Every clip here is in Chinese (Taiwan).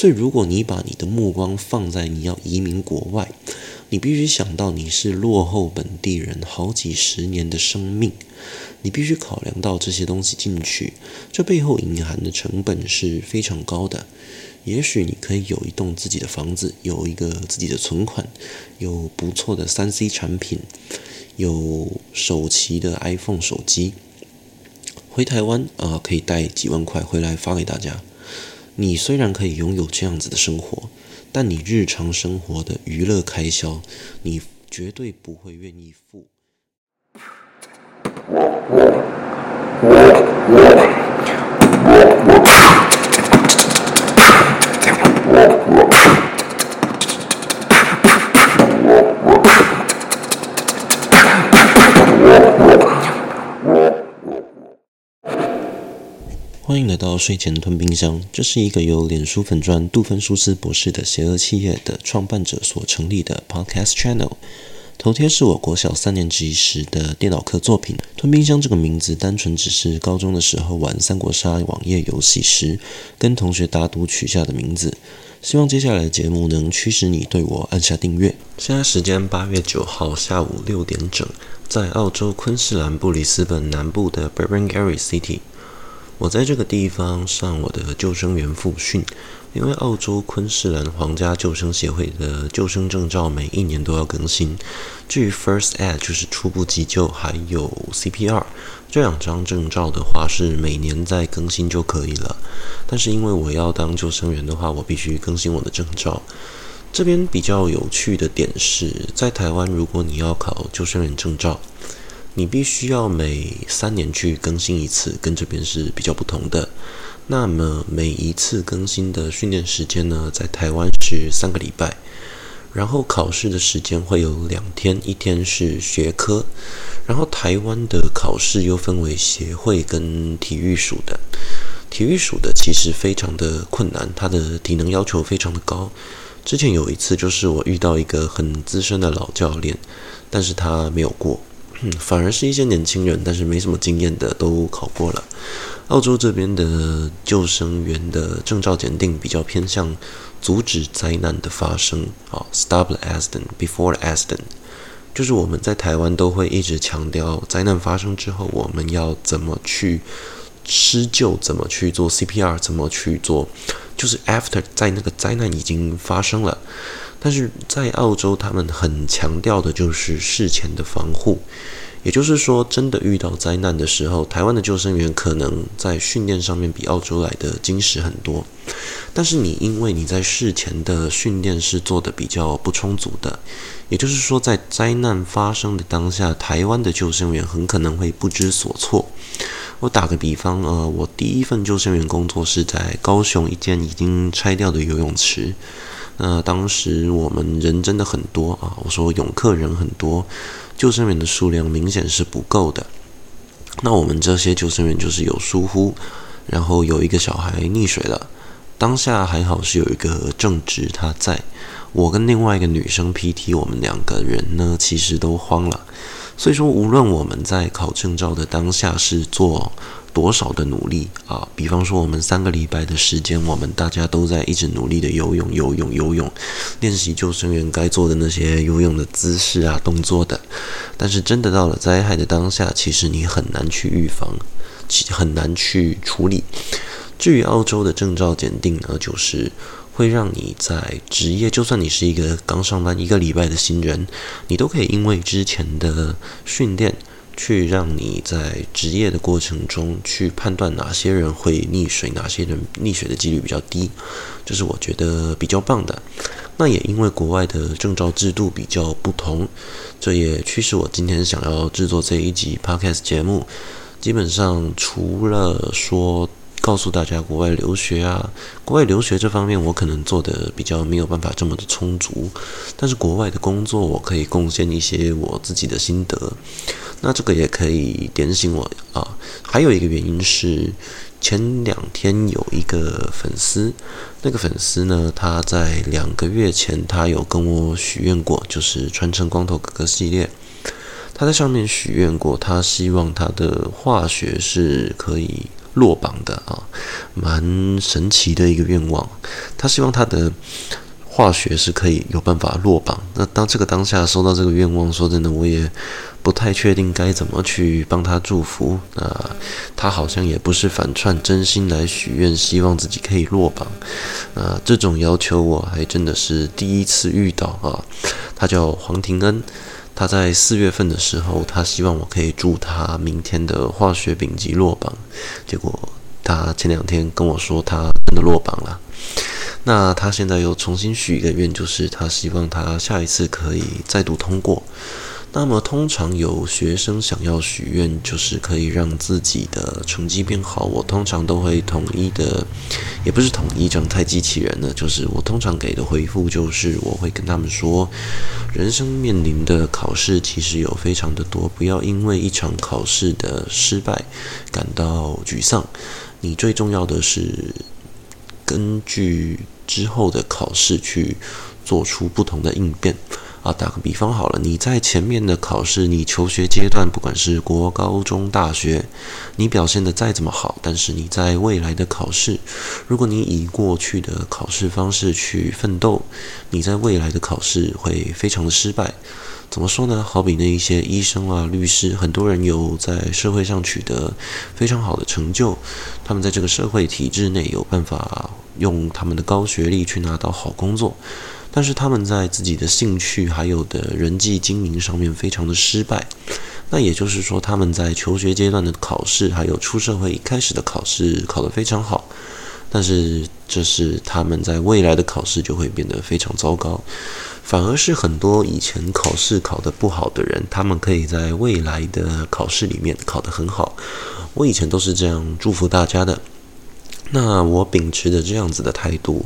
所以，如果你把你的目光放在你要移民國外，你必須想到你是落後本地人好幾十年的生命，你必須考量到這些東西進去，這背後隱含的成本是非常高的。也許你可以有一棟自己的房子，有一個自己的存款，有不錯的三 C 產品，有首期的 iPhone 手機。回台灣啊、呃，可以帶幾萬塊回來發給大家。你雖然可以擁有這樣子的生活，但你日常生活的娛樂開銷，你絕對不會願意付。歡迎來到睡前吞冰箱，這是一個由臉書粉專杜芬舒斯博士的邪惡企業的創辦者所成立的 podcast channel。頭貼是我國小三年級時的電腦課作品。吞冰箱這個名字，單純只是高中的時候玩三國殺網頁遊戲時跟同學打賭取下的名字。希望接下來的節目能驅使你對我按下訂閱。現在時間八月九號下午六點整，在澳洲昆士蘭布里斯本南部的 Berrangary City。我在這個地方上我的救生員複訓，因為澳洲昆士蘭皇家救生協會的救生證照每一年都要更新。至於 First Aid 就是初步急救，還有 CPR 這兩張證照的話是每年再更新就可以了。但是因為我要當救生員的話，我必須更新我的證照。這邊比較有趣的點是在台灣，如果你要考救生員證照。你必須要每三年去更新一次，跟這邊是比較不同的。那麼每一次更新的訓練時間呢，在台灣是三個禮拜，然後考試的時間會有兩天，一天是學科，然後台灣的考試又分為協會跟體育署的。體育署的其實非常的困難，他的體能要求非常的高。之前有一次就是我遇到一個很資深的老教練，但是他沒有過。嗯、反而是一些年輕人，但是沒什麼經驗的都考過了。澳洲這邊的救生員的證照檢定比較偏向阻止災難的發生，啊，stop the accident before accident，就是我們在台灣都會一直強調，災難發生之後我們要怎麼去施救，怎麼去做 CPR，怎麼去做，就是 after 在那個災難已經發生了。但是在澳洲，他們很強調的就是事前的防護，也就是說，真的遇到災難的時候，台灣的救生員可能在訓練上面比澳洲來的精實很多。但是你因為你在事前的訓練是做得比較不充足的，也就是說，在災難發生的當下，台灣的救生員很可能會不知所措。我打個比方，呃，我第一份救生員工作是在高雄一間已經拆掉的游泳池。那當時我們人真的很多啊，我說泳客人很多，救生員的數量明顯是不夠的。那我們這些救生員就是有疏忽，然後有一個小孩溺水了，當下還好是有一個正職他在，我跟另外一個女生 PT，我們兩個人呢其實都慌了。所以說，無論我們在考證照的當下是做，多少的努力啊！比方說，我們三個禮拜的時間，我們大家都在一直努力地游泳、游泳、游泳，練習救生員該做的那些游泳的姿勢啊、動作的。但是，真的到了災害的當下，其實你很難去預防，很難去處理。至於澳洲的證照檢定呢，就是會讓你在職業，就算你是一個剛上班一個禮拜的新人，你都可以因為之前的訓練。去讓你在職業的過程中去判斷哪些人會溺水，哪些人溺水的幾率比較低，這、就是我覺得比較棒的。那也因為國外的證照制度比較不同，這也驅使我今天想要制作這一集 podcast 節目。基本上除了說。告訴大家，國外留學啊，國外留學這方面我可能做的比較沒有辦法這麼的充足，但是國外的工作我可以貢獻一些我自己的心得，那這個也可以點醒我啊。還有一個原因是，前兩天有一個粉絲，那個粉絲呢，他在兩個月前他有跟我許願過，就是傳承光頭哥哥系列，他在上面許願過，他希望他的化學是可以。落榜的啊，蠻神奇的一個願望。他希望他的化學是可以有辦法落榜。那當這個當下收到這個願望，說真的，我也不太確定該怎麼去幫他祝福。那他好像也不是反串，真心來許願，希望自己可以落榜。那這種要求我還真的是第一次遇到啊。他叫黃庭恩。他在四月份的時候，他希望我可以祝他明天的化學丙級落榜。結果他前兩天跟我說，他真的落榜了。那他現在又重新許一個願，就是他希望他下一次可以再度通過。那麼，通常有學生想要許願，就是可以讓自己的成績變好。我通常都會統一的，也不是統一，這樣太機器人了。就是我通常給的回復就是，我會跟他們說，人生面臨的考試其實有非常的多，不要因為一場考試的失敗感到沮喪。你最重要的是根據之後的考試去做出不同的應變。打個比方好了，你在前面的考試，你求學階段，不管是國高中大學，你表現得再怎麼好，但是你在未來的考試，如果你以過去的考試方式去奮鬥，你在未來的考試會非常的失敗。怎麼說呢？好比那一些醫生啊、律師，很多人有在社會上取得非常好的成就，他們在這個社會體制內有辦法用他們的高學歷去拿到好工作。但是他們在自己的興趣還有的人際經營上面非常的失敗，那也就是說他們在求學階段的考試還有出社會一開始的考試考得非常好，但是這是他們在未來的考試就會變得非常糟糕，反而是很多以前考試考得不好的人，他們可以在未來的考試裡面考得很好。我以前都是這樣祝福大家的。那我秉持着這樣子的態度，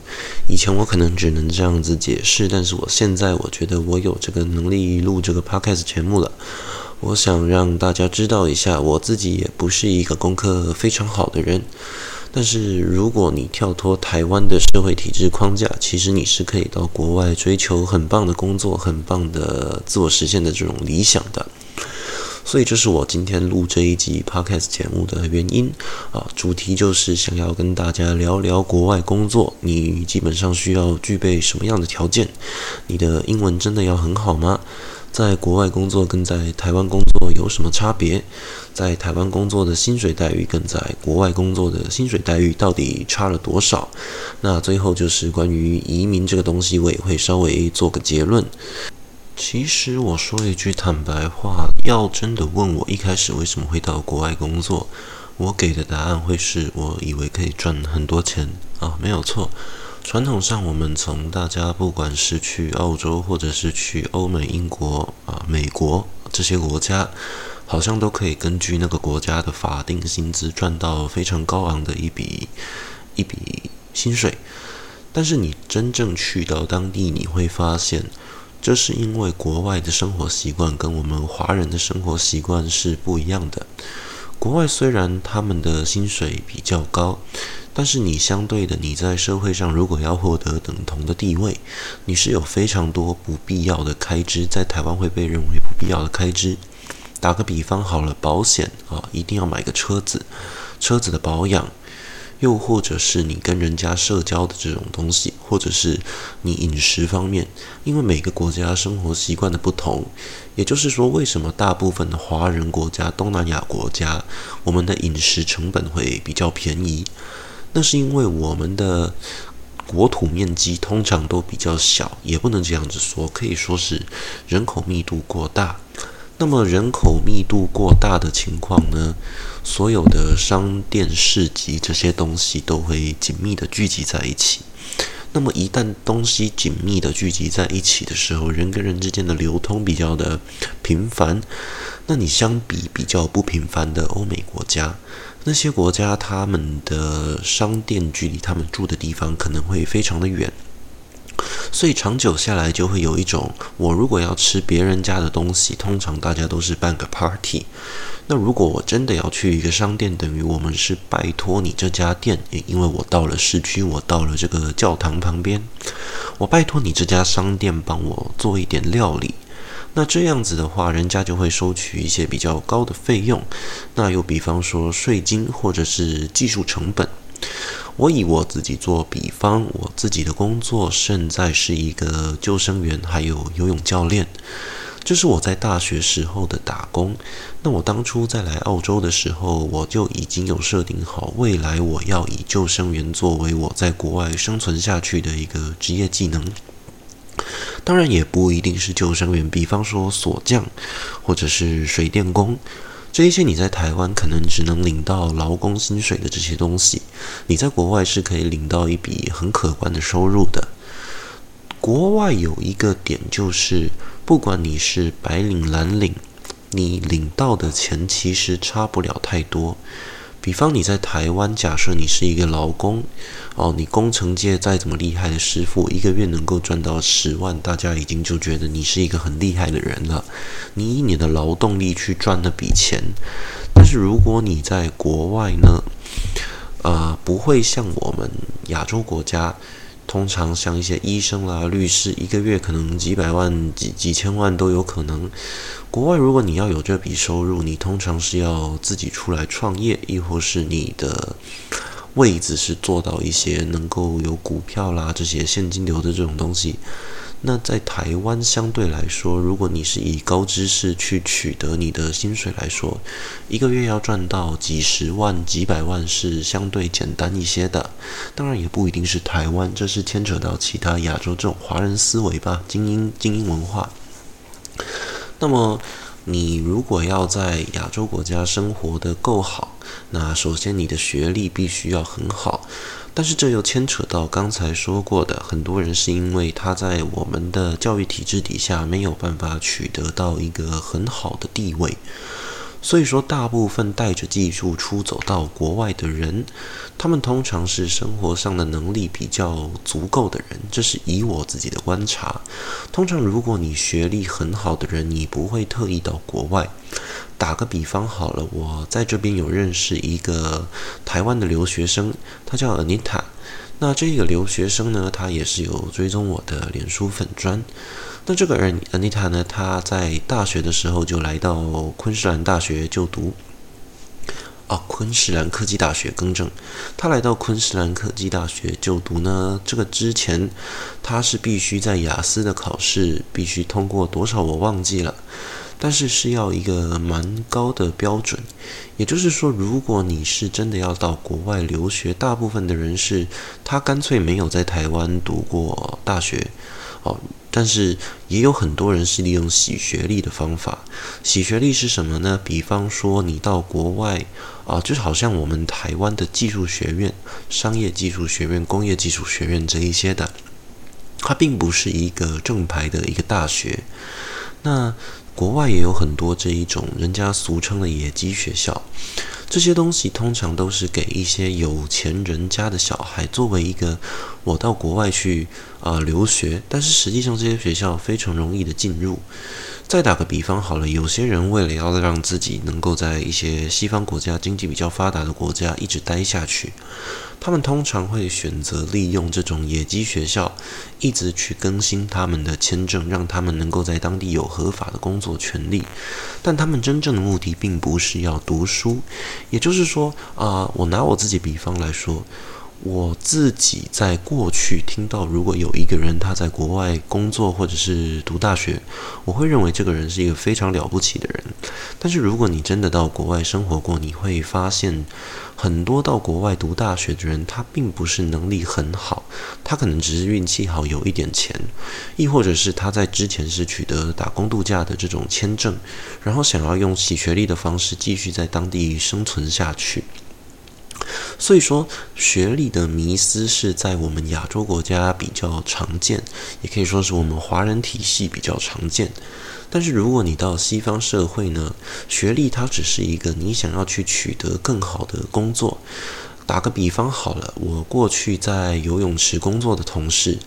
以前我可能只能這樣子解釋，但是我現在我覺得我有這個能力錄這個 podcast 節目了。我想讓大家知道一下，我自己也不是一個功課非常好的人。但是如果你跳脫台灣的社會體制框架，其實你是可以到國外追求很棒的工作，很棒的自我實現的這種理想的。所以，這是我今天錄這一集 podcast 節目的原因啊，主題就是想要跟大家聊聊國外工作，你基本上需要具備什麼樣的條件？你的英文真的要很好嗎？在國外工作跟在台灣工作有什麼差別？在台灣工作的薪水待遇跟在國外工作的薪水待遇到底差了多少？那最後就是關於移民這個東西，我也會稍微做個結論。其實我說一句坦白話，要真的問我一開始為什麼會到國外工作，我給的答案會是我以為可以賺很多錢啊，沒有錯。傳統上，我們從大家不管是去澳洲，或者是去歐美、英國啊、美國這些國家，好像都可以根據那個國家的法定薪資賺到非常高昂的一筆一筆薪水。但是你真正去到當地，你會發現。這是因為國外的生活習慣跟我們華人的生活習慣是不一樣的。國外雖然他們的薪水比較高，但是你相對的你在社會上如果要獲得等同的地位，你是有非常多不必要的開支，在台灣會被認為不必要的開支。打個比方好了，保險啊、哦，一定要買個車子，車子的保養。又或者是你跟人家社交的這種東西，或者是你飲食方面，因為每個國家生活習慣的不同，也就是說，為什麼大部分的華人國家、東南亞國家，我們的飲食成本會比較便宜？那是因為我們的國土面積通常都比較小，也不能這樣子說，可以說是人口密度過大。那麼人口密度過大的情況呢，所有的商店、市集這些東西都會緊密的聚集在一起。那麼一旦東西緊密的聚集在一起的時候，人跟人之間的流通比較的頻繁。那你相比比較不頻繁的歐美國家，那些國家他們的商店距離他們住的地方可能會非常的遠。所以長久下來就會有一種，我如果要吃別人家的東西，通常大家都是辦個 party。那如果我真的要去一個商店，等於我們是拜託你這家店，也因為我到了市區，我到了這個教堂旁邊，我拜託你這家商店幫我做一點料理。那這樣子的話，人家就會收取一些比較高的費用。那又比方說，稅金或者是技術成本。我以我自己做比方，我自己的工作現在是一個救生員，還有游泳教練，這、就是我在大學時候的打工。那我當初在來澳洲的時候，我就已經有設定好，未來我要以救生員作為我在國外生存下去的一個職業技能。當然，也不一定是救生員，比方說鎖匠，或者是水電工。這一些你在台灣可能只能領到勞工薪水的這些東西，你在國外是可以領到一筆很可觀的收入的。國外有一個點就是，不管你是白領藍領，你領到的錢其實差不了太多。比方你在台灣，假設你是一個勞工，哦，你工程界再怎麼厲害的師傅，一個月能夠賺到十萬，大家已經就覺得你是一個很厲害的人了。你以你的勞動力去賺那筆錢，但是如果你在國外呢，呃，不會像我們亞洲國家。通常像一些醫生啦、律師，一個月可能幾百萬、幾幾千萬都有可能。國外如果你要有這筆收入，你通常是要自己出來創業，亦或是你的位置是做到一些能夠有股票啦這些現金流的這種東西。那在台灣相對來說，如果你是以高知識去取得你的薪水來說，一個月要賺到幾十萬、幾百萬是相對簡單一些的。當然，也不一定是台灣，這是牽扯到其他亞洲這種華人思維吧，精英、精英文化。那麼。你如果要在亞洲國家生活得夠好，那首先你的學歷必須要很好，但是這又牽扯到剛才說過的，很多人是因為他在我們的教育體制底下沒有辦法取得到一個很好的地位。所以說，大部分帶着技術出走到國外的人，他們通常是生活上的能力比較足夠的人。這是以我自己的觀察。通常，如果你學歷很好的人，你不會特意到國外。打個比方好了，我在這邊有認識一個台灣的留學生，他叫 Anita。那這個留學生呢，他也是有追蹤我的臉書粉專。那這個人安妮塔呢，她在大學的時候就來到昆士蘭大學就讀。啊、哦、昆士蘭科技大學更正。她來到昆士蘭科技大學就讀呢，這個之前她是必須在雅思的考試必須通過多少我忘記了，但是是要一個蠻高的標準。也就是說，如果你是真的要到國外留學，大部分的人是她乾脆沒有在台灣讀過大學。哦。但是也有很多人是利用洗學歷的方法。洗學歷是什麼呢？比方說你到國外啊、呃，就好像我們台灣的技術學院、商業技術學院、工業技術學院這一些的，它並不是一個正牌的一個大學。那國外也有很多這一種人家俗稱的野雞學校。這些東西通常都是給一些有錢人家的小孩作為一個，我到國外去啊、呃、留學，但是實際上這些學校非常容易的進入。再打個比方好了，有些人為了要讓自己能夠在一些西方國家經濟比較發達的國家一直待下去，他們通常會選擇利用這種野雞學校，一直去更新他們的簽證，讓他們能夠在當地有合法的工作權利，但他們真正的目的並不是要讀書。也就是說，啊，我拿我自己比方來說。我自己在過去聽到，如果有一個人他在國外工作或者是讀大學，我會認為這個人是一個非常了不起的人。但是如果你真的到國外生活過，你會發現很多到國外讀大學的人，他並不是能力很好，他可能只是運氣好有一點錢，亦或者是他在之前是取得打工度假的這種簽證，然後想要用洗學歷的方式繼續在當地生存下去。所以說，學歷的迷思是在我們亞洲國家比較常見，也可以說是我們華人體系比較常見。但是如果你到西方社會呢，學歷它只是一個你想要去取得更好的工作。打個比方好了，我過去在游泳池工作的同事。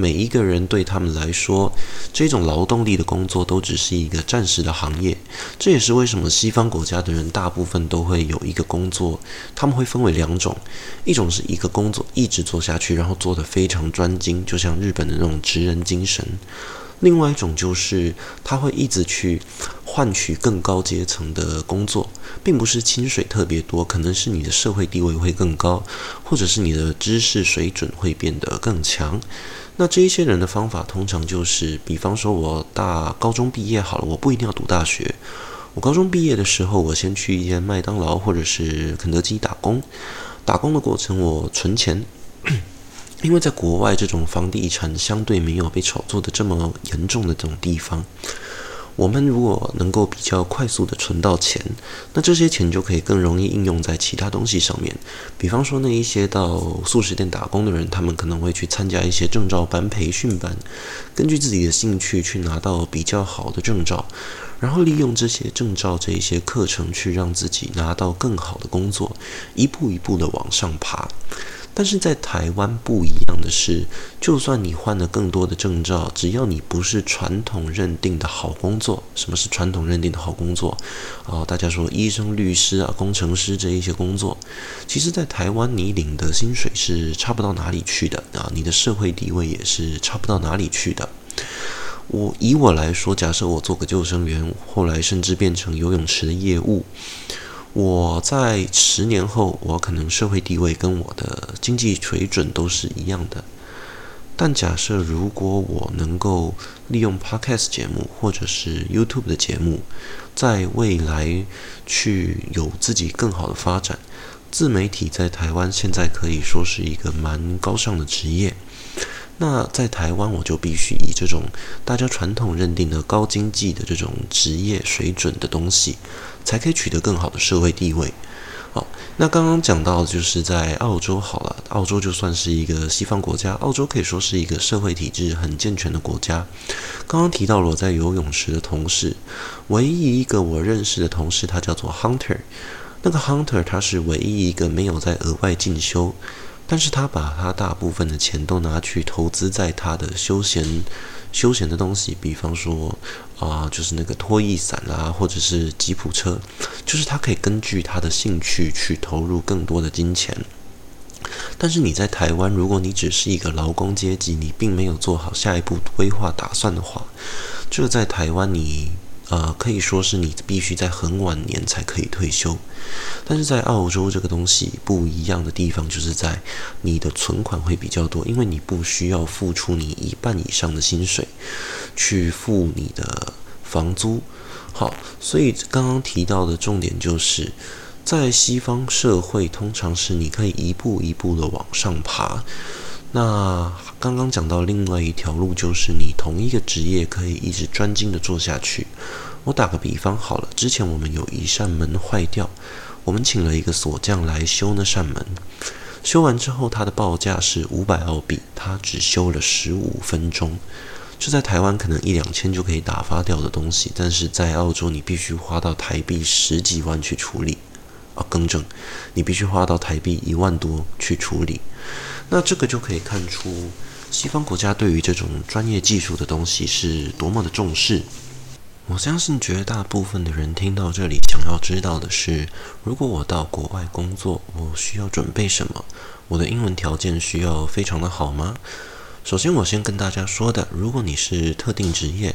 每一個人對他們來說，這種勞動力的工作都只是一個暫時的行業。這也是為什麼西方國家的人大部分都會有一個工作。他們會分為兩種：一種是一個工作一直做下去，然後做得非常專精，就像日本的那種職人精神；另外一種就是他會一直去換取更高階層的工作，並不是薪水特別多，可能是你的社會地位會更高，或者是你的知識水準會變得更強。那這一些人的方法通常就是，比方說，我大高中畢業好了，我不一定要讀大學。我高中畢業的時候，我先去一間麥當勞或者是肯德基打工，打工的過程我存錢，因為在國外這種房地產相對沒有被炒作得這麼嚴重的這種地方。我們如果能夠比較快速地存到錢，那這些錢就可以更容易應用在其他東西上面。比方說，那一些到速食店打工的人，他們可能會去參加一些證照班、培訓班，根據自己的興趣去拿到比較好的證照，然後利用這些證照、這些課程去讓自己拿到更好的工作，一步一步地往上爬。但是在台灣不一樣的是，就算你換了更多的證照，只要你不是傳統認定的好工作，什麼是傳統認定的好工作？哦，大家說醫生、律師啊、工程師這一些工作，其實，在台灣你領的薪水是差不到哪裡去的啊，你的社會地位也是差不到哪裡去的。我以我來說，假設我做個救生員，後來甚至變成游泳池的業務。我在十年後，我可能社會地位跟我的經濟水準都是一樣的。但假設如果我能夠利用 Podcast 節目或者是 YouTube 的節目，在未來去有自己更好的發展，自媒體在台灣現在可以說是一個蠻高尚的職業。那在台灣，我就必須以這種大家傳統認定的高經濟的這種職業水準的東西，才可以取得更好的社會地位。好，那剛剛講到，就是在澳洲好了，澳洲就算是一個西方國家，澳洲可以說是一個社會體制很健全的國家。剛剛提到了我在游泳池的同事，唯一一個我認識的同事，他叫做 Hunter，那個 Hunter 他是唯一一個沒有在額外進修。但是他把他大部分的錢都拿去投資在他的休閒、休閒的東西，比方說啊、呃，就是那個拖曳傘啦、啊，或者是吉普車，就是他可以根據他的興趣去投入更多的金錢。但是你在台灣，如果你只是一個勞工階級，你並沒有做好下一步規劃打算的話，這在台灣你。呃，可以說是你必須在很晚年才可以退休，但是在澳洲這個東西不一樣的地方，就是在你的存款會比較多，因為你不需要付出你一半以上的薪水去付你的房租。好，所以剛剛提到的重點就是在西方社會，通常是你可以一步一步的往上爬。那剛剛講到另外一條路，就是你同一個職業可以一直專精的做下去。我打個比方好了，之前我們有一扇門壞掉，我們請了一個鎖匠來修那扇門。修完之後，他的報價是五百澳幣，他只修了十五分鐘。這在台灣可能一兩千就可以打發掉的東西，但是在澳洲你必須花到台幣十幾萬去處理啊，更正，你必須花到台幣一萬多去處理。那這個就可以看出西方國家對於這種專業技術的東西是多麼的重視。我相信絕大部分的人聽到這裡，想要知道的是，如果我到國外工作，我需要準備什麼？我的英文條件需要非常的好嗎？首先，我先跟大家說的，如果你是特定職業，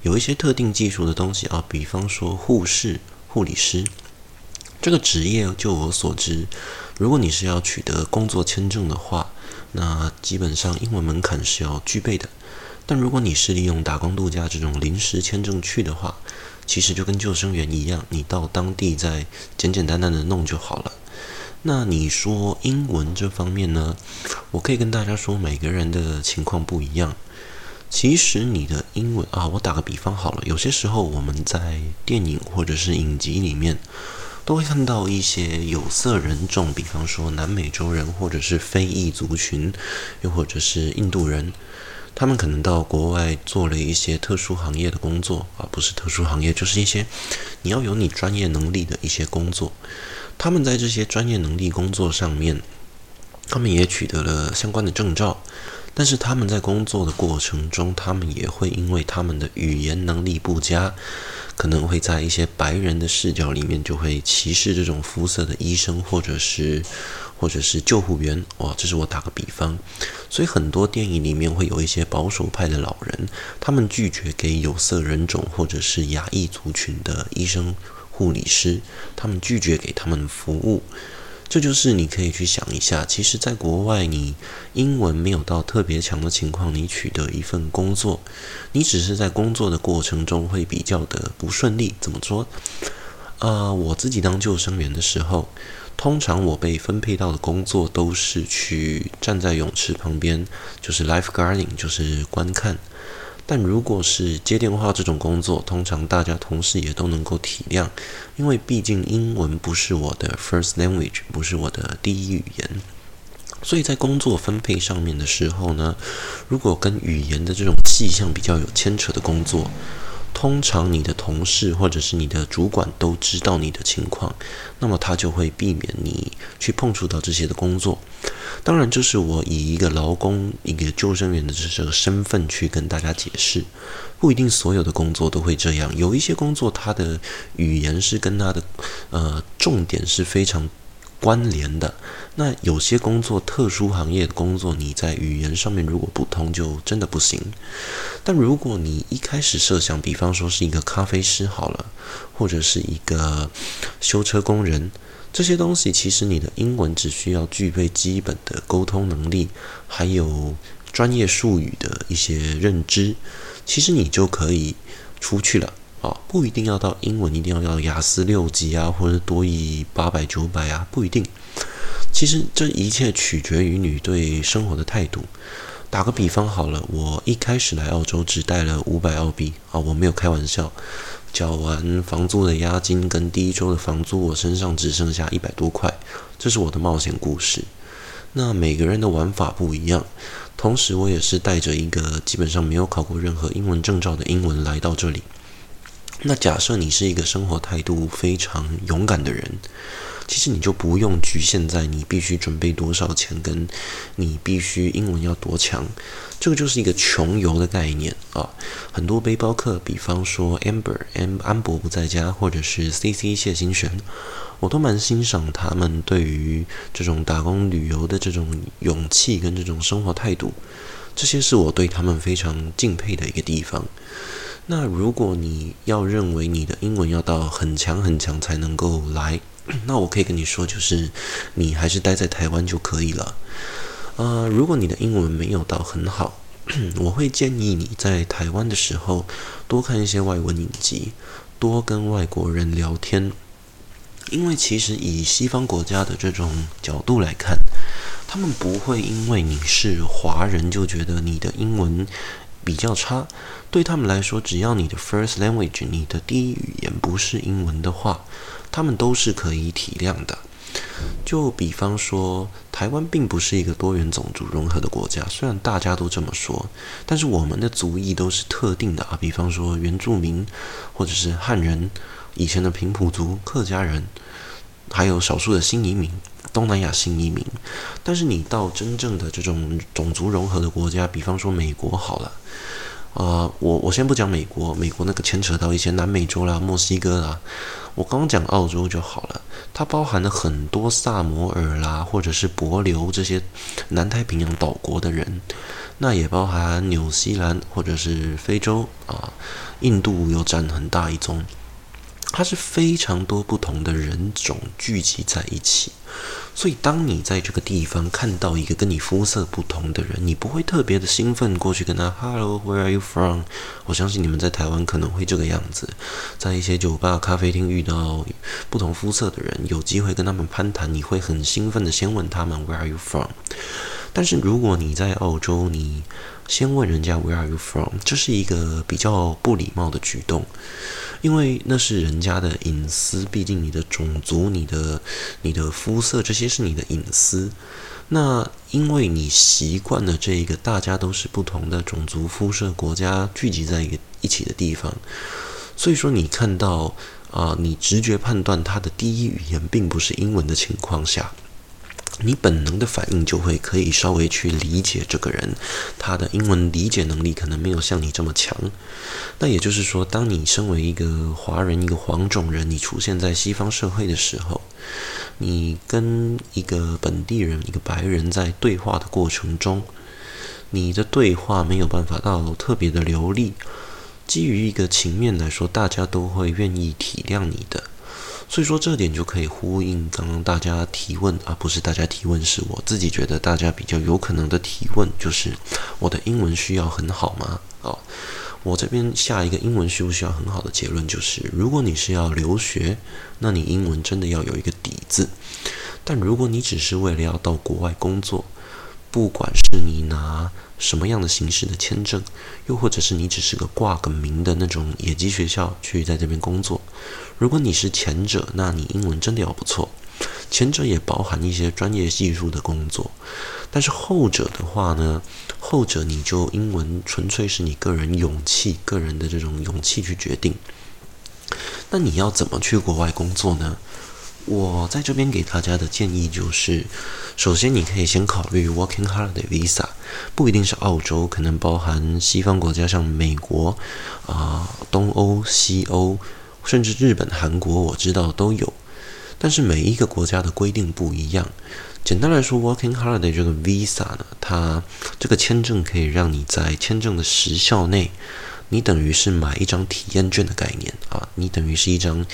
有一些特定技術的東西啊，比方說護士、護理師這個職業，就我所知，如果你是要取得工作簽證的話，那基本上英文門檻是要具備的。但如果你是利用打工度假這種臨時簽證去的話，其實就跟救生員一樣，你到當地再簡簡單單的弄就好了。那你說英文這方面呢？我可以跟大家說，每個人的情況不一樣。其實你的英文啊，我打個比方好了，有些時候我們在電影或者是影集裡面，都會看到一些有色人種，比方說南美洲人，或者是非裔族群，又或者是印度人。他們可能到國外做了一些特殊行業的工作，而、啊、不是特殊行業，就是一些你要有你專業能力的一些工作。他們在這些專業能力工作上面，他們也取得了相關的證照，但是他們在工作的過程中，他們也會因為他們的語言能力不佳，可能會在一些白人的視角裡面就會歧視這種膚色的醫生，或者是。或者是救護員，哇，這是我打個比方，所以很多電影裡面會有一些保守派的老人，他們拒絕給有色人種或者是亞裔族群的醫生、護理師，他們拒絕給他們服務。這就是你可以去想一下，其實在國外，你英文沒有到特別強的情況，你取得一份工作，你只是在工作的過程中會比較的不順利。怎麼說？呃，我自己當救生員的時候。通常我被分配到的工作都是去站在泳池旁邊，就是 lifeguarding，就是觀看。但如果是接電話這種工作，通常大家同事也都能夠體諒，因為畢竟英文不是我的 first language，不是我的第一語言。所以在工作分配上面的時候呢，如果跟語言的這種跡象比較有牽扯的工作。通常你的同事或者是你的主管都知道你的情況，那麼他就會避免你去碰觸到這些的工作。當然，就是我以一個勞工、一個救生員的這個身份去跟大家解釋，不一定所有的工作都會這樣。有一些工作，它的語言是跟它的呃重點是非常關聯的，那有些工作、特殊行業的工作，你在語言上面如果不通，就真的不行。但如果你一開始設想，比方說是一個咖啡師好了，或者是一個修車工人，這些東西其實你的英文只需要具備基本的溝通能力，還有專業術語的一些認知，其實你就可以出去了。啊、哦，不一定要到英文，一定要到雅思六級啊，或者多益八百九百啊，不一定。其實這一切取決於你對生活的態度。打個比方好了，我一開始來澳洲只帶了五百澳幣啊、哦，我沒有開玩笑。繳完房租的押金跟第一周的房租，我身上只剩下一百多塊。這是我的冒險故事。那每個人的玩法不一樣，同時我也是帶着一個基本上沒有考過任何英文證照的英文來到這裡。那假設你是一個生活態度非常勇敢的人，其實你就不用局限在你必須準備多少錢，跟你必須英文要多強。這個就是一個窮遊的概念啊。很多背包客，比方說 Amber Am、安 Am 安柏不在家，或者是 CC 謝新玄，我都蠻欣賞他們對於這種打工旅遊的這種勇氣跟這種生活態度，這些是我對他們非常敬佩的一個地方。那如果你要認為你的英文要到很強很強才能夠來，那我可以跟你說，就是你還是待在台灣就可以了。呃，如果你的英文沒有到很好，我會建議你在台灣的時候多看一些外文影集，多跟外國人聊天。因為其實以西方國家的這種角度來看，他們不會因為你是華人就覺得你的英文。比較差，對他們來說，只要你的 first language，你的第一語言不是英文的話，他們都是可以體諒的。就比方說，台灣並不是一個多元種族融合的國家，雖然大家都這麼說，但是我們的族裔都是特定的啊。比方說，原住民，或者是漢人，以前的平埔族、客家人，還有少數的新移民。東南亞新移民，但是你到真正的這種種族融合的國家，比方說美國好了，呃，我我先不講美國，美國那個牽扯到一些南美洲啦、墨西哥啦，我剛剛講澳洲就好了，它包含了很多薩摩爾啦，或者是帛琉這些南太平洋島國的人，那也包含紐西蘭或者是非洲啊、呃，印度又佔很大一宗。它是非常多不同的人種聚集在一起，所以當你在這個地方看到一個跟你膚色不同的人，你不會特別的興奮過去跟他 Hello, where are you from？我相信你們在台灣可能會這個樣子，在一些酒吧、咖啡廳遇到不同膚色的人，有機會跟他們攀談，你會很興奮的先問他們 where are you from？但是如果你在澳洲，你先問人家 Where are you from？這是一個比較不禮貌的舉動，因為那是人家的隱私。畢竟你的種族、你的、你的膚色，這些是你的隱私。那因為你習慣了這一個大家都是不同的種族、膚色、國家聚集在一個一起的地方，所以說你看到啊、呃，你直覺判斷他的第一語言並不是英文的情況下。你本能的反應就會可以稍微去理解這個人，他的英文理解能力可能沒有像你這麼強。那也就是說，當你身為一個華人、一個黃種人，你出現在西方社會的時候，你跟一個本地人、一個白人在對話的過程中，你的對話沒有辦法到特別的流利。基於一個情面來說，大家都會願意體諒你的。所以說這點就可以呼應剛剛大家提問，而、啊、不是大家提問，是我自己覺得大家比較有可能的提問，就是我的英文需要很好嗎？哦，我這邊下一個英文需不需要很好的結論就是，如果你是要留學，那你英文真的要有一個底子；但如果你只是為了要到國外工作，不管是你拿。什麼樣的形式的簽證，又或者是你只是個掛個名的那種野雞學校去在這邊工作？如果你是前者，那你英文真的要不錯。前者也包含一些專業技術的工作，但是後者的話呢，後者你就英文純粹是你個人勇氣、個人的這種勇氣去決定。那你要怎麼去國外工作呢？我在這邊給大家的建議就是，首先你可以先考慮 Working Holiday Visa，不一定是澳洲，可能包含西方國家，像美國、啊、呃、東歐、西歐，甚至日本、韓國，我知道都有。但是每一個國家的規定不一樣。簡單來說，Working Holiday 這個 Visa 呢，它這個簽證可以讓你在簽證的時效內，你等於是買一張體驗券的概念啊，你等於是一張。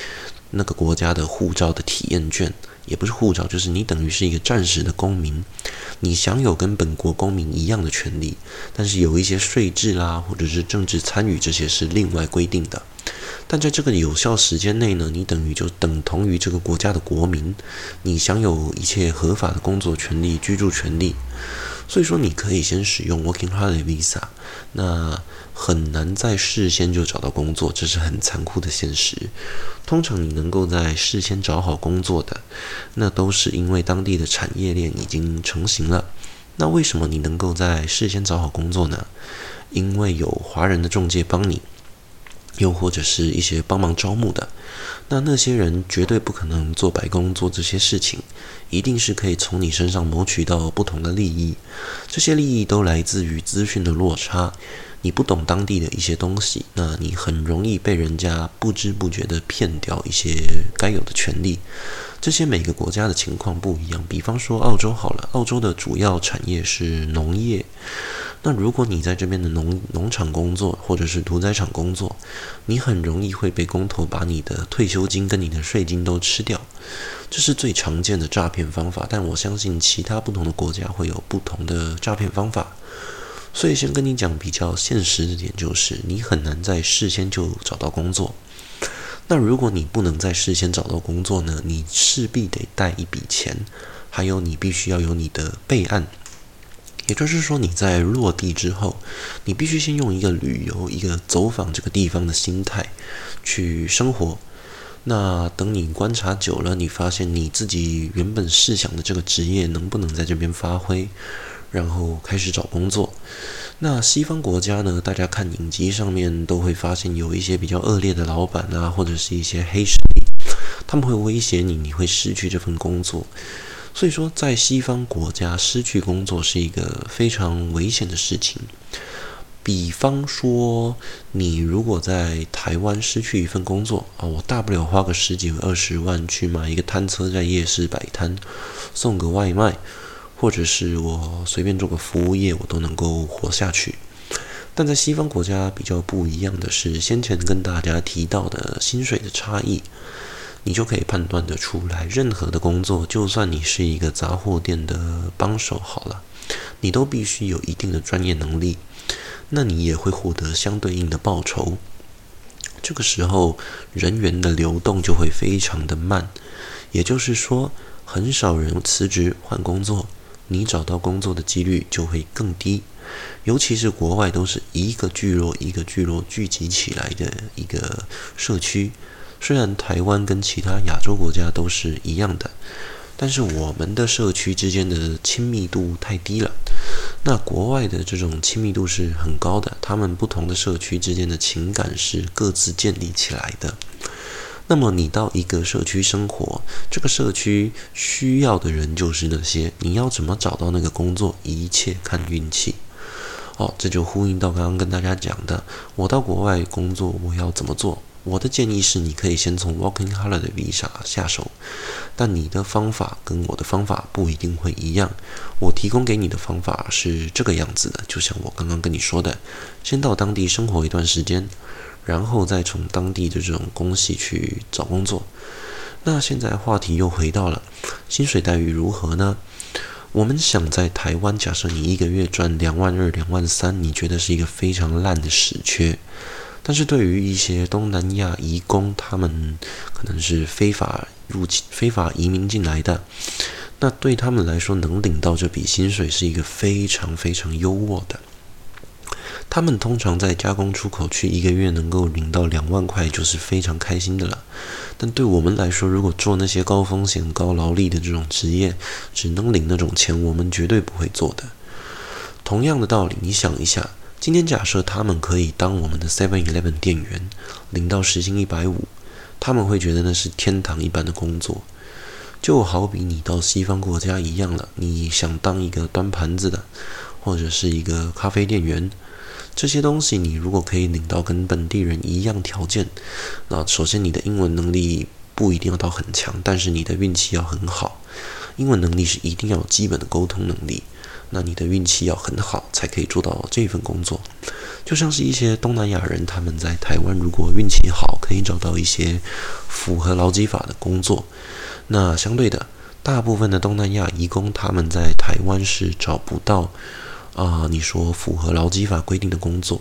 那個國家的護照的體驗券，也不是護照，就是你等於是一個暫時的公民，你享有跟本國公民一樣的權利，但是有一些稅制啦，或者是政治參與這些是另外規定的。但在這個有效時間內呢，你等於就等同於這個國家的國民，你享有一切合法的工作權利、居住權利。所以說，你可以先使用 Working Holiday Visa，那很難在事先就找到工作，這是很殘酷的現實。通常你能夠在事先找好工作的，那都是因為當地的產業鏈已經成型了。那為什麼你能夠在事先找好工作呢？因為有華人的中介幫你。又或者是一些幫忙招募的，那那些人絕對不可能做白工做這些事情，一定是可以從你身上謀取到不同的利益，這些利益都來自於資訊的落差，你不懂當地的一些東西，那你很容易被人家不知不覺地騙掉一些該有的權利。這些每個國家的情況不一樣，比方說澳洲好了，澳洲的主要產業是農業。那如果你在這邊的農農場工作，或者是屠宰場工作，你很容易會被工頭把你的退休金跟你的稅金都吃掉，這是最常見的詐騙方法。但我相信其他不同的國家會有不同的詐騙方法，所以先跟你講比較現實的點，就是你很難在事先就找到工作。那如果你不能在事先找到工作呢？你勢必得帶一筆錢，還有你必須要有你的備案，也就是說你在落地之後，你必須先用一個旅遊、一個走訪這個地方的心態去生活。那等你觀察久了，你發現你自己原本試想的這個職業能不能在這邊發揮，然後開始找工作。那西方國家呢？大家看影集上面都會發現有一些比較惡劣的老板啊，或者是一些黑勢力，他們會威脅你，你會失去這份工作。所以說，在西方國家失去工作是一個非常危險的事情。比方說，你如果在台灣失去一份工作啊，我大不了花個十幾二十萬去買一個攤車，在夜市擺攤，送個外賣。或者是我隨便做個服務業，我都能夠活下去。但在西方國家比較不一樣的是，先前跟大家提到的薪水的差異，你就可以判斷得出來，任何的工作，就算你是一個雜貨店的幫手，好了，你都必須有一定的專業能力，那你也會獲得相對應的報酬。這個時候，人員的流動就會非常的慢，也就是說，很少人辭職換工作。你找到工作的幾率就會更低，尤其是國外都是一個聚落一個聚落聚集起來的一個社區。雖然台灣跟其他亞洲國家都是一樣的，但是我們的社區之間的親密度太低了。那國外的這種親密度是很高的，他們不同的社區之間的情感是各自建立起來的。那麼你到一個社區生活，這個社區需要的人就是那些。你要怎麼找到那個工作？一切看運氣。哦，這就呼應到剛剛跟大家講的。我到國外工作，我要怎麼做？我的建議是，你可以先從 Working Holiday Visa 下手，但你的方法跟我的方法不一定會一樣。我提供給你的方法是這個樣子的，就像我剛剛跟你說的，先到當地生活一段時間。然後再從當地的這種工系去找工作。那現在話題又回到了，薪水待遇如何呢？我們想在台灣，假設你一個月賺兩萬二、兩萬三，你覺得是一個非常爛的死缺。但是對於一些東南亞移工，他們可能是非法入境、非法移民進來的，那對他們來說，能領到這筆薪水是一個非常非常優渥的。他們通常在加工出口區一個月能夠領到兩萬塊，就是非常開心的了。但對我們來說，如果做那些高風險、高勞力的這種職業，只能領那種錢，我們絕對不會做的。同樣的道理，你想一下，今天假設他們可以當我們的 Seven Eleven 店員，領到時薪一百五，他們會覺得那是天堂一般的工作。就好比你到西方國家一樣了，你想當一個端盤子的，或者是一個咖啡店員。這些東西，你如果可以領到跟本地人一樣條件，那首先你的英文能力不一定要到很強，但是你的運氣要很好。英文能力是一定要有基本的溝通能力，那你的運氣要很好才可以做到這份工作。就像是一些東南亞人，他們在台灣如果運氣好，可以找到一些符合勞基法的工作。那相對的，大部分的東南亞移工他們在台灣是找不到。啊，uh, 你說符合勞基法規定的工作，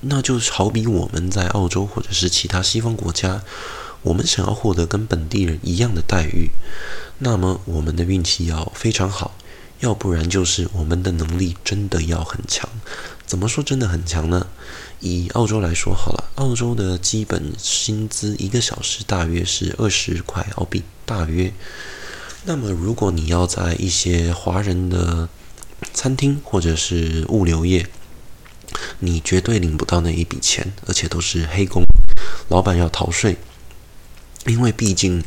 那就好比我們在澳洲或者是其他西方國家，我們想要獲得跟本地人一樣的待遇，那麼我們的運氣要非常好，要不然就是我們的能力真的要很強。怎麼說真的很強呢？以澳洲來說好了，澳洲的基本薪資一個小時大約是二十塊澳幣，大約。那麼如果你要在一些華人的餐廳或者是物流業，你絕對領不到那一筆錢，而且都是黑工，老闆要逃稅。因為畢竟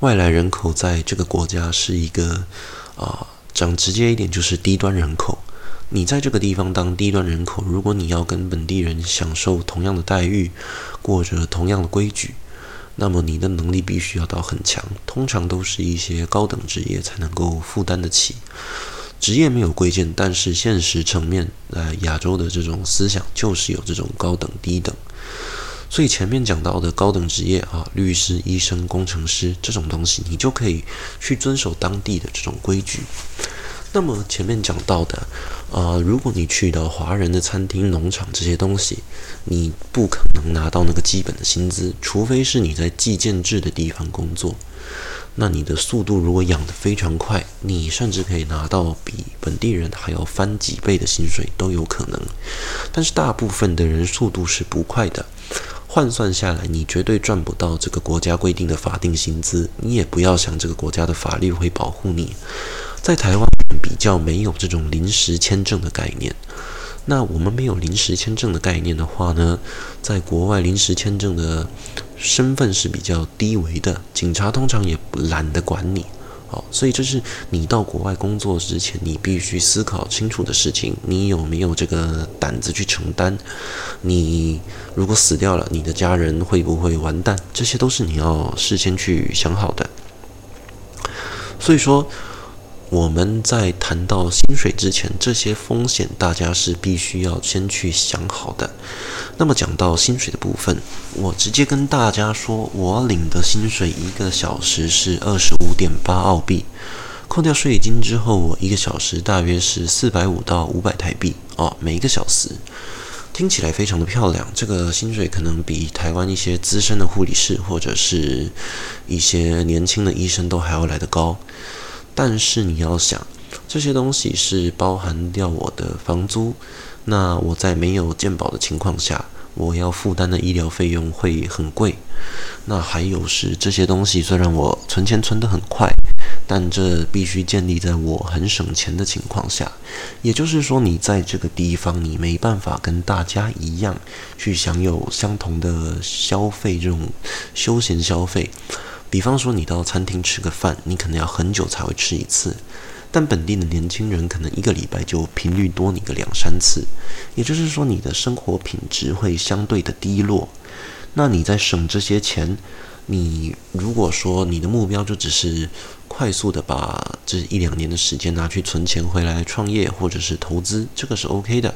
外來人口在這個國家是一個啊，講，呃，直接一點就是低端人口。你在這個地方當低端人口，如果你要跟本地人享受同樣的待遇，過着同樣的規矩，那麼你的能力必須要到很強，通常都是一些高等職業才能夠負擔得起。職業沒有貴賤，但是現實層面，呃，亞洲的這種思想就是有這種高等低等。所以前面講到的高等職業啊，律師、醫生、工程師這種東西，你就可以去遵守當地的這種規矩。那麼前面講到的，啊、呃，如果你去到華人的餐廳、農場這些東西，你不可能拿到那個基本的薪資，除非是你在計件制的地方工作。那你的速度如果養得非常快，你甚至可以拿到比本地人還要翻幾倍的薪水都有可能。但是大部分的人速度是不快的，換算下來，你絕對賺不到這個國家規定的法定薪資，你也不要想這個國家的法律會保護你。在台灣比較沒有這種臨時簽證的概念。那我們沒有臨時簽證的概念的話呢，在國外臨時簽證的。身份是比較低微的，警察通常也不懶得管你，好，所以這是你到國外工作之前你必須思考清楚的事情，你有沒有這個膽子去承擔？你如果死掉了，你的家人會不會完蛋？這些都是你要事先去想好的。所以說。我們在談到薪水之前，這些風險大家是必須要先去想好的。那麼講到薪水的部分，我直接跟大家說，我領的薪水一個小時是二十五點八澳幣，扣掉稅金之後，我一個小時大約是四百五到五百台幣，哦，每一個小時，聽起來非常的漂亮。這個薪水可能比台灣一些資深的護理師或者是一些年輕的醫生都還要來得高。但是你要想，這些東西是包含掉我的房租，那我在沒有健保的情況下，我要負擔的醫療費用會很貴。那還有是這些東西，雖然我存錢存得很快，但這必須建立在我很省錢的情況下。也就是說，你在這個地方，你沒辦法跟大家一樣去享有相同的消費，這種休閒消費。比方說，你到餐廳吃個飯，你可能要很久才會吃一次；但本地的年輕人可能一個禮拜就頻率多你個兩三次。也就是說，你的生活品質會相對的低落。那你在省這些錢，你如果說你的目標就只是快速的把這一兩年的時間拿去存錢回來創業或者是投資，這個是 OK 的。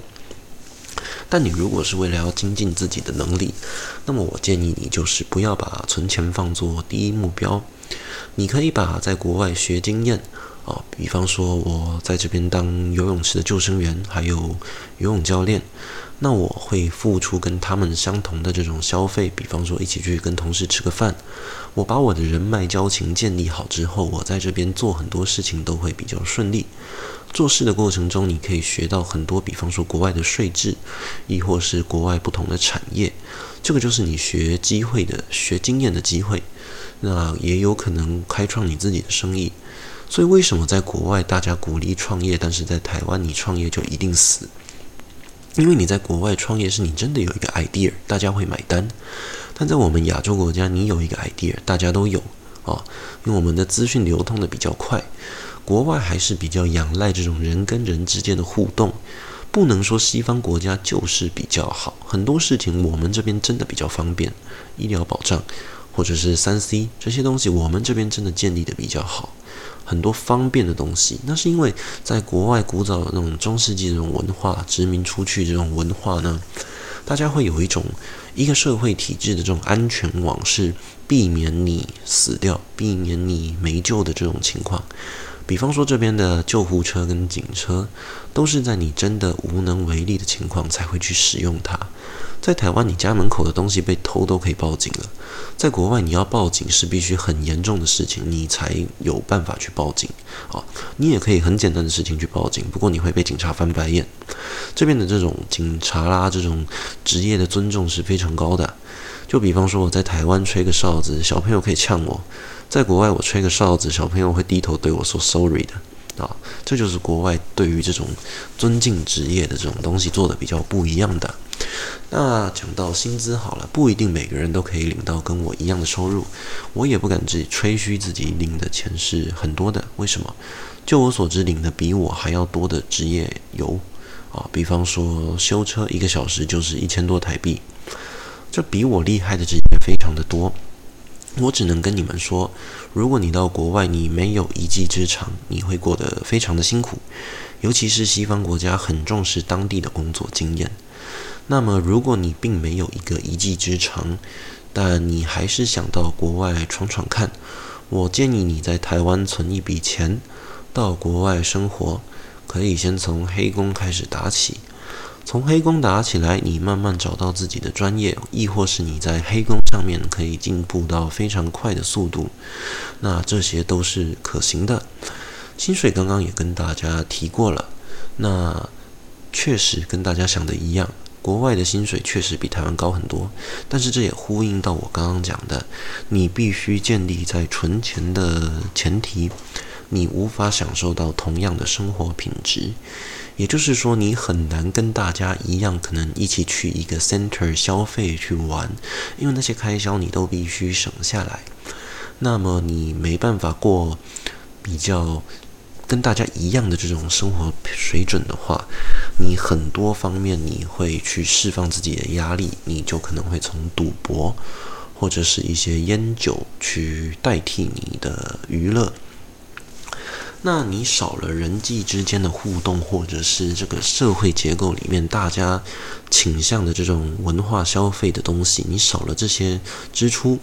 但你如果是為了要精進自己的能力，那麼我建議你就是不要把存錢放作第一目標。你可以把在國外學經驗。啊、哦，比方說，我在這邊當游泳池的救生員，還有游泳教練，那我會付出跟他們相同的這種消費。比方說，一起去跟同事吃個飯。我把我的人脈交情建立好之後，我在這邊做很多事情都會比較順利。做事的過程中，你可以學到很多，比方說國外的稅制，亦或是國外不同的產業。這個就是你學機會的，學經驗的機會。那也有可能開創你自己的生意。所以，為什麼在國外大家鼓勵創業，但是在台灣你創業就一定死？因為你在國外創業是你真的有一個 idea，大家會買單；但在我們亞洲國家，你有一個 idea，大家都有啊、哦。因為我們的資訊流通的比較快，國外還是比較仰賴這種人跟人之間的互動。不能說西方國家就是比較好，很多事情我們這邊真的比較方便，醫療保障或者是三 C 這些東西，我們這邊真的建立的比較好。很多方便的東西，那是因為在國外古早的那種中世紀這種文化，殖民出去這種文化呢，大家會有一種一個社會體制的這種安全網，是避免你死掉，避免你沒救的這種情況。比方說，這邊的救護車跟警車，都是在你真的無能為力的情況才會去使用它。在台灣，你家門口的東西被偷都可以報警了；在國外，你要報警是必須很嚴重的事情，你才有辦法去報警。啊，你也可以很簡單的事情去報警，不過你會被警察翻白眼。這邊的這種警察啦，這種職業的尊重是非常高的。就比方說我在台灣吹個哨子，小朋友可以嗆我；在國外我吹個哨子，小朋友會低頭對我說 “sorry” 的啊。這就是國外對於這種尊敬職業的這種東西做得比較不一樣的。那講到薪資好了，不一定每個人都可以領到跟我一樣的收入。我也不敢自己吹噓自己領的錢是很多的。為什麼？就我所知，領的比我還要多的職業有啊，比方說修車，一個小時就是一千多台幣。這比我厲害的職業非常的多，我只能跟你們說，如果你到國外，你沒有一技之長，你會過得非常的辛苦，尤其是西方國家很重視當地的工作經驗。那麼，如果你並沒有一個一技之長，但你還是想到國外闖闖看，我建議你在台灣存一筆錢，到國外生活，可以先從黑工開始打起。從黑工打起來，你慢慢找到自己的專業，亦或是你在黑工上面可以進步到非常快的速度，那這些都是可行的。薪水剛剛也跟大家提過了，那確實跟大家想的一樣，國外的薪水確實比台灣高很多，但是這也呼應到我剛剛講的，你必須建立在存錢的前提。你無法享受到同樣的生活品質，也就是說，你很難跟大家一樣，可能一起去一個 center 消費去玩，因為那些開銷你都必須省下來。那麼你沒辦法過比較跟大家一樣的這種生活水準的話，你很多方面你會去釋放自己的壓力，你就可能會從賭博或者是一些菸酒去代替你的娛樂。那你少了人際之間的互動，或者是這個社會結構裡面大家傾向的這種文化消費的東西，你少了這些支出，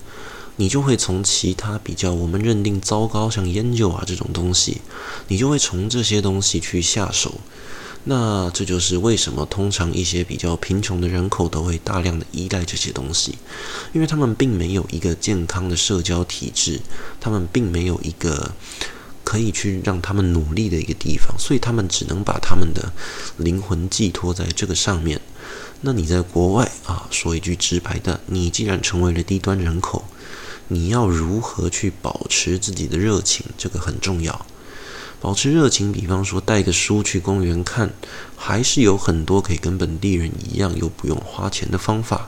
你就會從其他比較我們認定糟糕，像煙酒啊這種東西，你就會從這些東西去下手。那這就是為什麼通常一些比較貧窮的人口都會大量的依賴這些東西，因為他們並沒有一個健康的社交體質，他們並沒有一個可以去讓他們努力的一個地方，所以他們只能把他們的靈魂寄託在這個上面。那你在國外啊，說一句直白的，你既然成為了低端人口，你要如何去保持自己的熱情？這個很重要。保持熱情，比方說帶個書去公園看，還是有很多可以跟本地人一樣，又不用花錢的方法。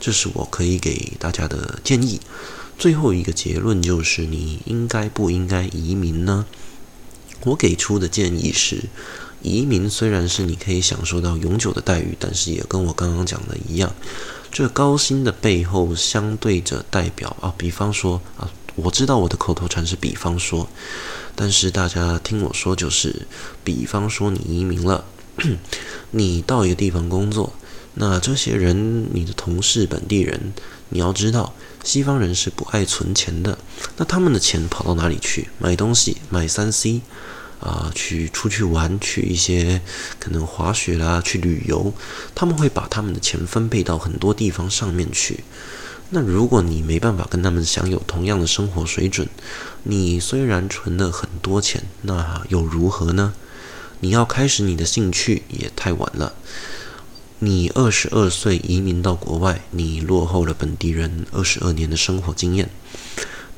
這是我可以給大家的建議。最後一個結論就是，你應該不應該移民呢？我給出的建議是，移民雖然是你可以享受到永久的待遇，但是也跟我剛剛講的一樣，這高薪的背後相對着代表啊，比方說啊，我知道我的口頭禪是比方說，但是大家聽我說，就是比方說你移民了，你到一個地方工作，那這些人，你的同事、本地人，你要知道。西方人是不愛存錢的，那他們的錢跑到哪裡去？買東西、買三 C，啊、呃，去出去玩，去一些可能滑雪啦，去旅遊，他們會把他們的錢分配到很多地方上面去。那如果你沒辦法跟他們享有同樣的生活水準，你雖然存了很多錢，那又如何呢？你要開始你的興趣也太晚了。你二十二歲移民到國外，你落後了本地人二十二年的生活經驗。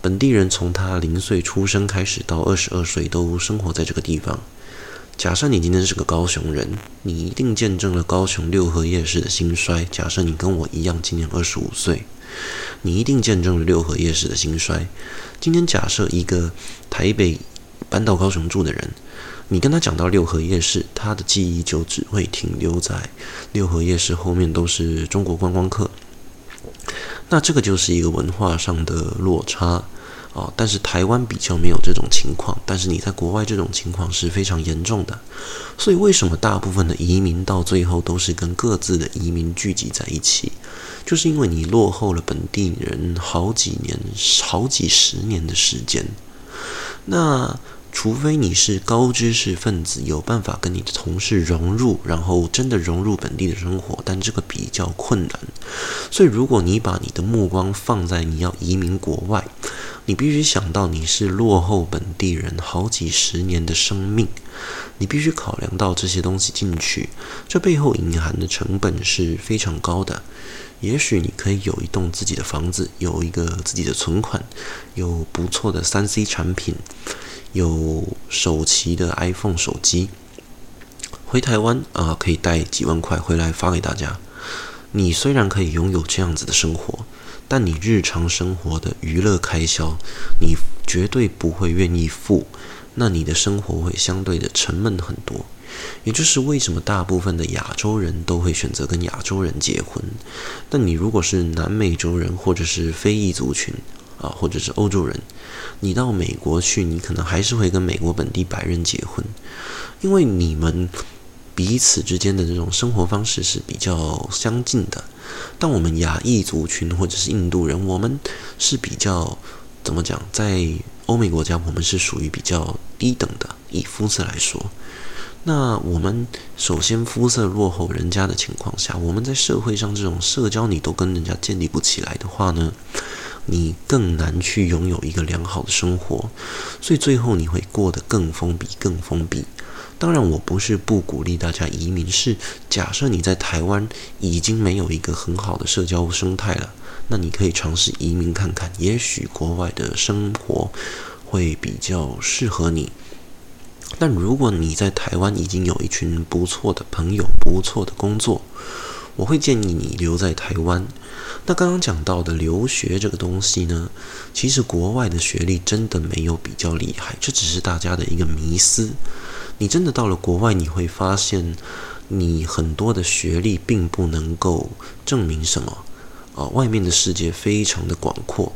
本地人從他零歲出生開始到二十二歲都生活在這個地方。假設你今天是個高雄人，你一定見證了高雄六合夜市的興衰。假設你跟我一樣今年二十五歲，你一定見證了六合夜市的興衰。今天假設一個台北搬到高雄住的人，你跟他講到六合夜市，他的記憶就只會停留在六合夜市後面都是中國觀光客。那這個就是一個文化上的落差哦。但是台灣比較沒有這種情況，但是你在國外這種情況是非常嚴重的。所以為什麼大部分的移民到最後都是跟各自的移民聚集在一起？就是因為你落後了本地人好幾年、好幾十年的時間。那。除非你是高知識分子，有辦法跟你的同事融入，然後真的融入本地的生活，但這個比較困難。所以，如果你把你的目光放在你要移民國外，你必須想到你是落後本地人好幾十年的生命，你必須考量到這些東西進去，這背後隱含的成本是非常高的。也許你可以有一棟自己的房子，有一個自己的存款，有不錯的三 C 產品。有手提的 iPhone 手機，回台灣啊、呃、可以帶幾萬塊回來發給大家。你雖然可以擁有這樣子的生活，但你日常生活的娛樂開銷，你絕對不會願意付，那你的生活會相對的沉悶很多。也就是為什麼大部分的亞洲人都會選擇跟亞洲人結婚。但你如果是南美洲人或者是非裔族群。啊，或者是歐洲人，你到美國去，你可能還是會跟美國本地白人結婚，因為你們彼此之間的這種生活方式是比較相近的。但我們亞裔族群或者是印度人，我們是比較怎麼講？在歐美國家，我們是屬於比較低等的，以膚色來說。那我們首先膚色落後人家的情況下，我們在社會上這種社交，你都跟人家建立不起來的話呢，你更難去擁有一個良好的生活，所以最後你會過得更封閉、更封閉。當然，我不是不鼓勵大家移民，是假設你在台灣已經沒有一個很好的社交生態了，那你可以嘗試移民看看，也許國外的生活會比較適合你。但如果你在台灣已經有一群不錯的朋友、不錯的工作，我會建議你留在台灣。那剛剛講到的留學這個東西呢，其實國外的學歷真的沒有比較厲害，這只是大家的一個迷思。你真的到了國外，你會發現你很多的學歷並不能夠證明什麼啊。外面的世界非常的廣闊，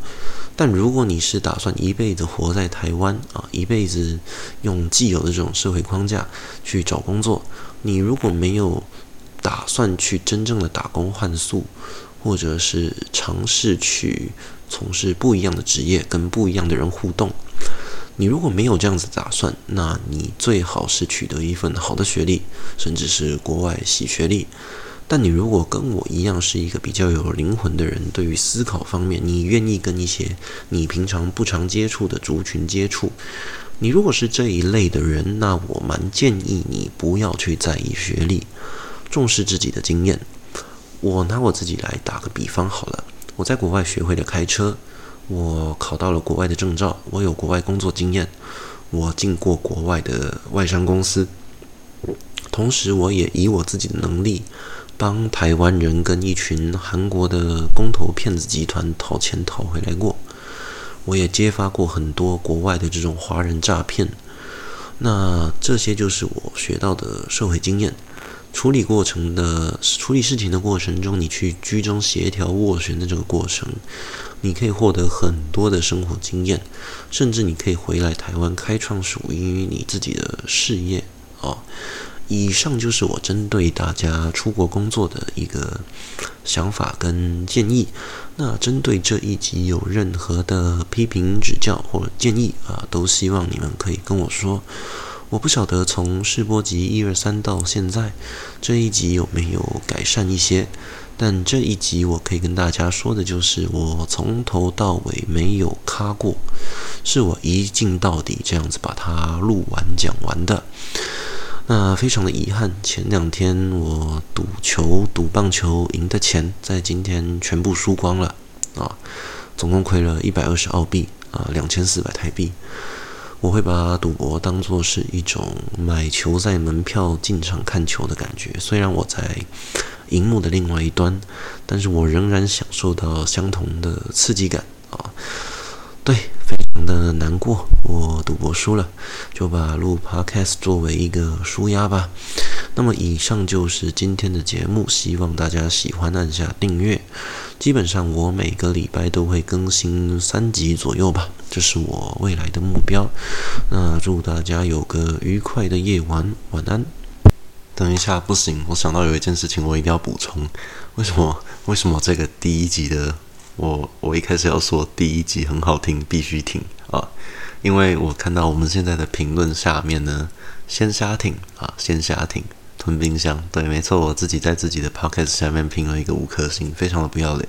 但如果你是打算一輩子活在台灣啊，一輩子用既有的這種社會框架去找工作，你如果沒有。打算去真正的打工換宿，或者是嘗試去從事不一樣的職業，跟不一樣的人互動。你如果沒有這樣子打算，那你最好是取得一份好的學歷，甚至是國外洗學歷。但你如果跟我一樣是一個比較有靈魂的人，對於思考方面，你願意跟一些你平常不常接觸的族群接觸。你如果是這一類的人，那我蠻建議你不要去在意學歷。重視自己的經驗。我拿我自己來打個比方好了。我在國外學會了開車，我考到了國外的證照，我有國外工作經驗，我進過國外的外商公司。同時，我也以我自己的能力，幫台灣人跟一群韓國的公投騙子集團討錢討回來過。我也揭發過很多國外的這種華人詐騙。那這些就是我學到的社會經驗。處理過程的處理事情的過程中，你去居中協調斡旋的這個過程，你可以獲得很多的生活經驗，甚至你可以回來台灣開創屬於你自己的事業。哦，以上就是我針對大家出國工作的一個想法跟建議。那針對這一集有任何的批評指教或者建議啊，都希望你們可以跟我說。我不曉得從試播集一二三到現在這一集有沒有改善一些，但這一集我可以跟大家說的就是我從頭到尾沒有卡過，是我一鏡到底這樣子把它錄完講完的。那非常的遺憾，前兩天我賭球賭棒球贏的錢，在今天全部輸光了啊，總共虧了一百二十澳幣啊，兩千四百台幣。我會把賭博當作是一種買球賽門票進場看球的感覺，雖然我在熒幕的另外一端，但是我仍然享受到相同的刺激感啊！對。非常的難過，我賭博輸了，就把錄 podcast 作為一個紓壓吧。那麼以上就是今天的節目，希望大家喜歡，按下訂閱。基本上我每個禮拜都會更新三集左右吧，這是我未來的目標。那祝大家有個愉快的夜晚，晚安。等一下，不行，我想到有一件事情，我一定要補充。為什麼？為什麼這個第一集的？我我一開始要說第一集很好聽，必須挺啊！因為我看到我們現在的評論下面呢，先瞎聽啊，先瞎聽吞冰箱。對，沒錯，我自己在自己的 podcast 下面評了一個五顆星，非常的不要臉。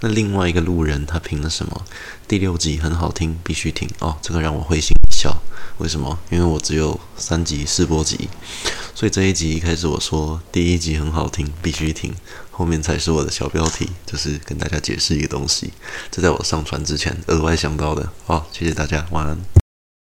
那另外一個路人他評了什麼？第六集很好聽，必須挺哦！這個讓我會心一笑。為什麼？因為我只有三集試播集，所以這一集一開始我說第一集很好聽，必須挺。後面才是我的小標題，就是跟大家解釋一個東西，這在我上傳之前額外想到的。好，哦，謝謝大家，晚安。